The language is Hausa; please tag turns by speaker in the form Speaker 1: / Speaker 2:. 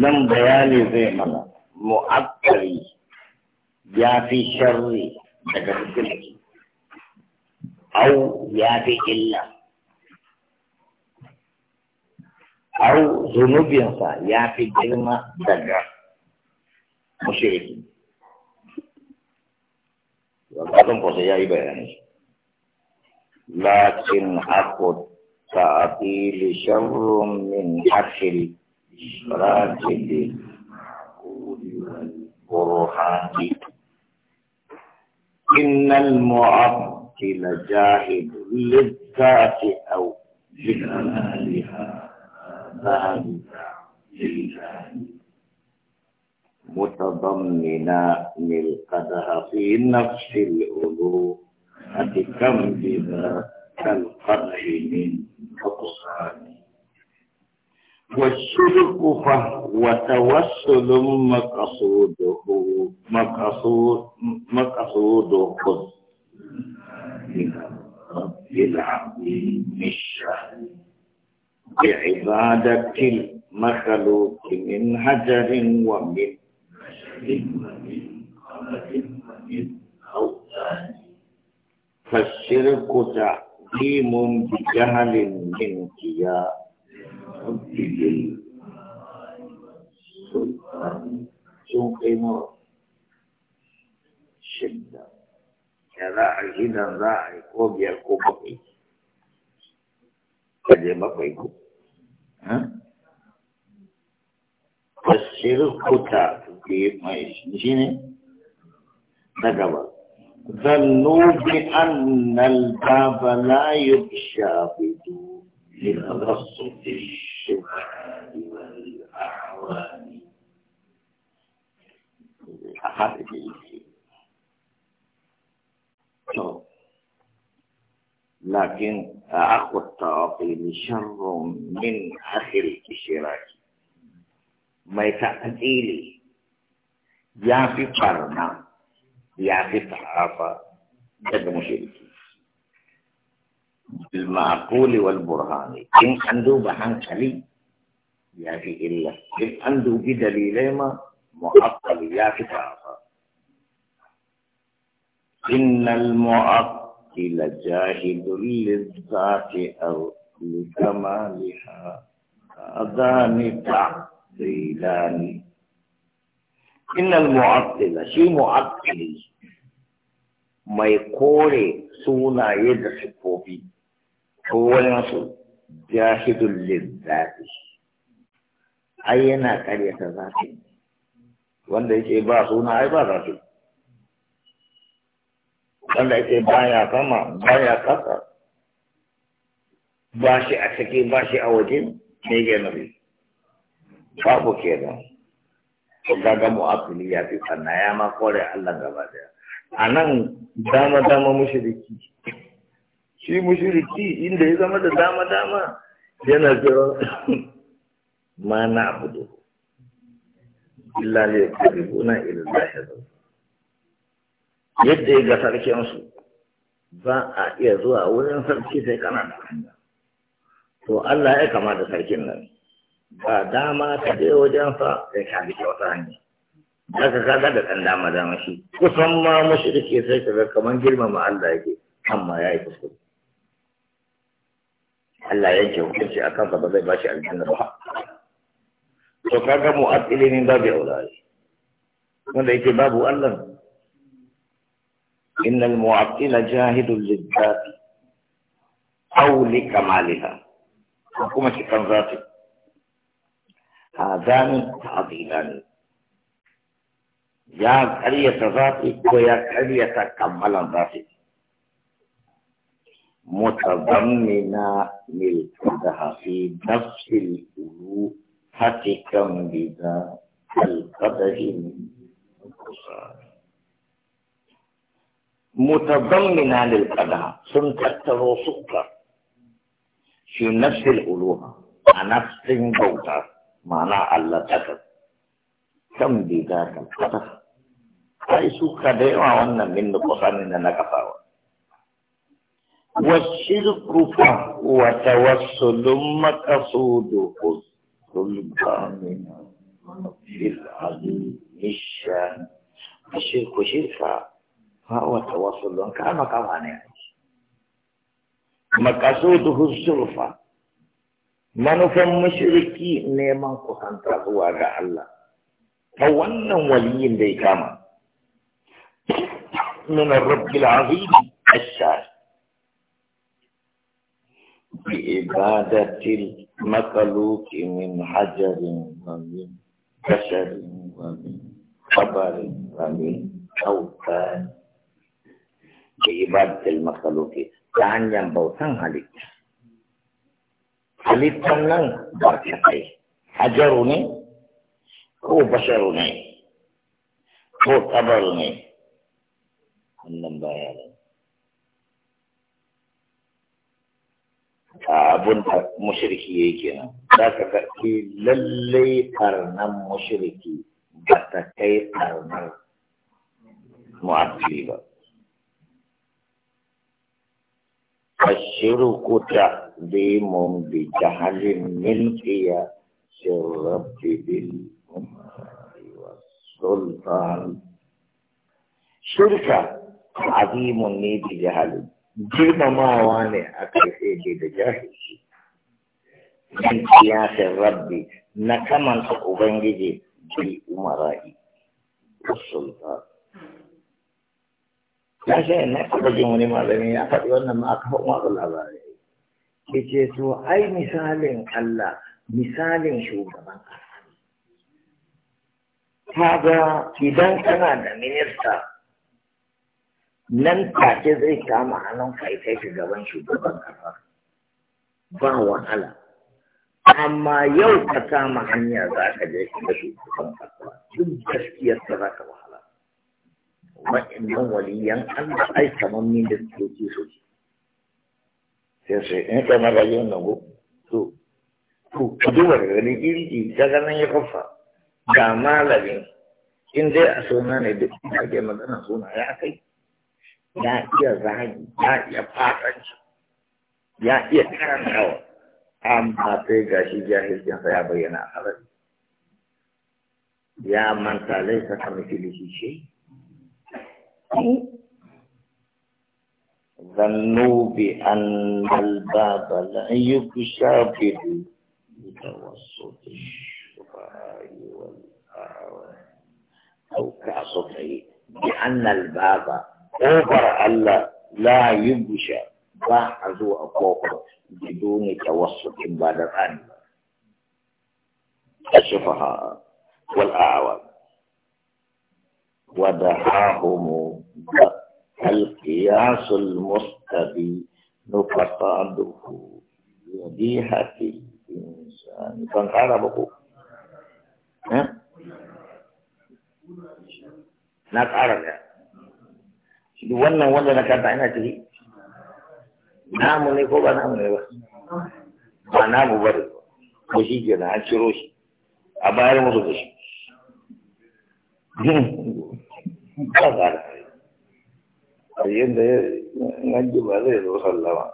Speaker 1: نم بیانی زیمانا مؤکری یا فی شرری دکر کلی او يا في اللہ او ذنوب سا يا في جنما دکر مشرکی وقتم پر سے جائی لكن أخذ حق تعطیل شر من حق راجل البرهان إن المعطل جاهد للذات أو لكمالها ذلك متضمنا من قدر في نفس الألوه أتكم بذاك القدر من نقصان والشرك فهو توسل مقصوده مقصود مقصوده من رب العظيم الشهر بعبادة المخلوق من هجر ومن بشر ومن قمر ومن أوثان فالشرك تعظيم بجهل منك يا رب بالليل سلطان تقيم شدة كراعي إذا راعي قوم يركو بقي قد بقيكم ها فسر كتا كيف ما يشنشيني تقبل ظنوا بأن الباب لا يخشى بدون للرسول لكن أخو التعاطيل شر من أخي الإشراك ما يتأذيلي يا في قرنا يا في تعافى في مشرك بالمعقول والبرهان إن أندو بحنكلي يا في إلا إن عنده بدليل ما معطل يا في إن المعطل جاهد للذات أو لكمالها هذان تعطيلان إن المعطل شيء معطل ما يقول سونا يدخل فيه kowayensu jahidun lizzati ai yana karyata zafi wanda yake ba suna ai ba zafi wanda yake baya sama baya kasa ba shi a ciki ba shi a waje ne ganari babu kenan ko gaga mu'afili ya fi sannan ya ma kore Allah gaba daya a nan dama dama mushriki shi mushiriki inda ya zama da dama dama yana jiran ma na abudu illa ne karibuna ila zahirin yadda ya ga sarkinsu ba a iya zuwa wurin sarki sai kana da hanya to Allah ya kama da sarkin nan ba dama ka je wajen sa sai ka bi wata hanya ka kaga da ɗan dama dama shi kusan ma mushrike sai ka ga kaman girmama Allah yake amma yi kuskure Allah yanke hukunci a kansa ba zai bashi aljanna ba to kaga mu asili min babu aulari wanda yake babu Allah innal mu'attila jahidul lidzati aw li kamaliha kuma shi kan zati hadani ta'dilani ya kariyata zati ko ya karyata kammalan zati متضمنة ملكها في نفس الألوهة كم بذا القدر من متضمنا متضمنة للقدر ثم تكتر سكر في نفس الألوهة نفس بوتا معنى الله تكت كم بذاك القدر أي سكر ديوة وأن من نقصان إننا كفاوة. والشرك فهو توسل مقصوده السلطان في العظيم الشان الشرك شركا فهو توسل كما كمان مقصوده السلفة من فم مشركي نيما كهان تقوى الله فوانا وليين ليكاما من الرب العظيم الشاش بإبادة المخلوق من حجر ومن بشر ومن خبر ومن أوثان بإبادة المخلوق تهنيا بوثان عليك عليك تنن بركتي حجرني هو بشرني هو خبرني يعني a abun da mashirki ya yi za ka karfi eh, lallai karnan mashirki ba ta kai karnar mu'abdi ba. Ashirukuta bai mun bi jahalin milkiya shirabbibin sultan. Shirka azimun ne bi jahalin. girmamawa ne a karfe ne da jahilci min kiyasin rabbi na kamanta ubangiji bi umara'i sultan ya shi ne taɓa jin wani malami ya faɗi wannan ma a hau watsa labarai Ke ce to ai misalin Allah misalin shugaban ƙasa ga idan kana da minista nan take zai kama hannun kai shi gaban shugaban kafa,
Speaker 2: ba wahala
Speaker 1: amma yau ka kama hanya za ka je da shugaban kafa, duk gaskiyar ta za ka wahala wa'annan waliyan Allah ai kamar min da suke so sai sai in na rayuwar nan go to to ka ga gani iri daga nan ya kafa ga malamin in dai a suna ne da ake magana suna ya kai ya iya zagi ya iya fatanci ya iya karantawa amma sai ga shi jahilcinsa ya bayyana a halari ya manta laisa ka mithlihi shay ظنوا بأن الباب لا يكشى بتوسط الشفاء والأعوان أو كأصبعي بأن الباب ƙofar Allah la yubsha ba a zo a ƙofar biduni tawassutin ba da tsani ba asfaha wal a'wa wa dahahum al qiyas al mustabi nuqataduhu يديها في الإنسان كان عربه ها؟ ناك عربه wannan wanda na kanta ina ciki namu ne ko ba namu ne ba ba namu ba da ko shi ke da an ciro shi a bayar musu da shi ba ba da a yadda ya ji ba zai zo sallama